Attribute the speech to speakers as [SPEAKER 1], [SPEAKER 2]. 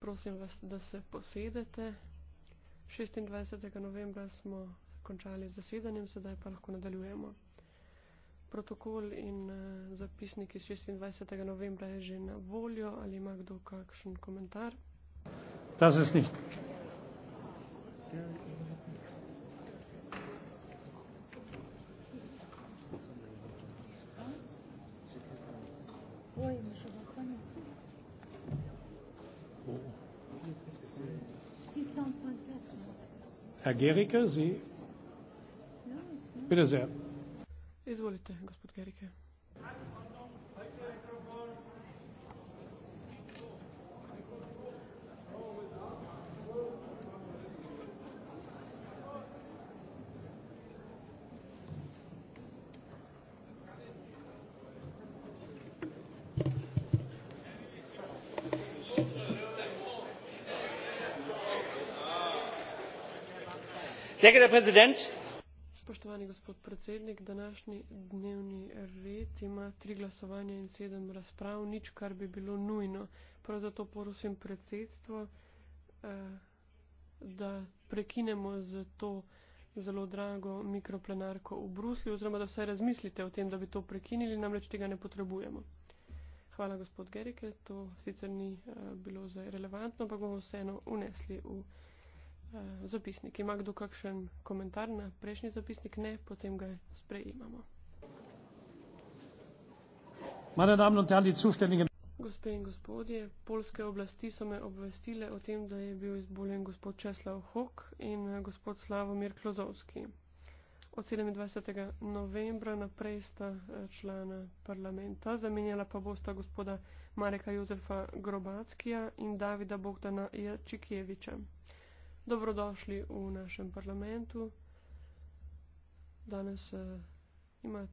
[SPEAKER 1] prosim vas, da se posedete. 26. novembra smo končali z zasedanjem, sedaj pa lahko nadaljujemo. Protokol in eh, zapisnik iz 26. novembra je že na voljo. Ali ima kdo kakšen komentar? Ta zasnih. Oj, mi še bo konec. Herr Gericke, Sie. Bitte sehr. Izvolite, gospod Gericke. spoštovani gospod predsednik današnji dnevni red ima tri glasovanja in sedem razprav nič kar bi bilo nujno prav zato prosim predsedstvo eh, da prekinemo z to zelo drago mikroplenarko v bruslju oziroma da vsaj razmislite o tem da bi to prekinili namreč tega ne potrebujemo hvala gospod gerike to sicer ni eh, bilo zdaj relevantno ampak bomo vseeno unesli v Eh, zapisnik. Ima kdo kakšen komentar na prejšnji zapisnik? Ne, potem ga sprejemamo. Gospe in gospodje, polske oblasti so me obvestile o tem, da je bil izboljen gospod Česlav Hok in eh, gospod Slavomir Klozovski. Od 27. novembra naprej sta eh, člana parlamenta, zamenjala pa bosta gospoda Mareka Jozefa Grobackija in Davida Bogdana Jačikjeviča. Dobrodošli v našem parlamentu. Danes uh, eh, imate.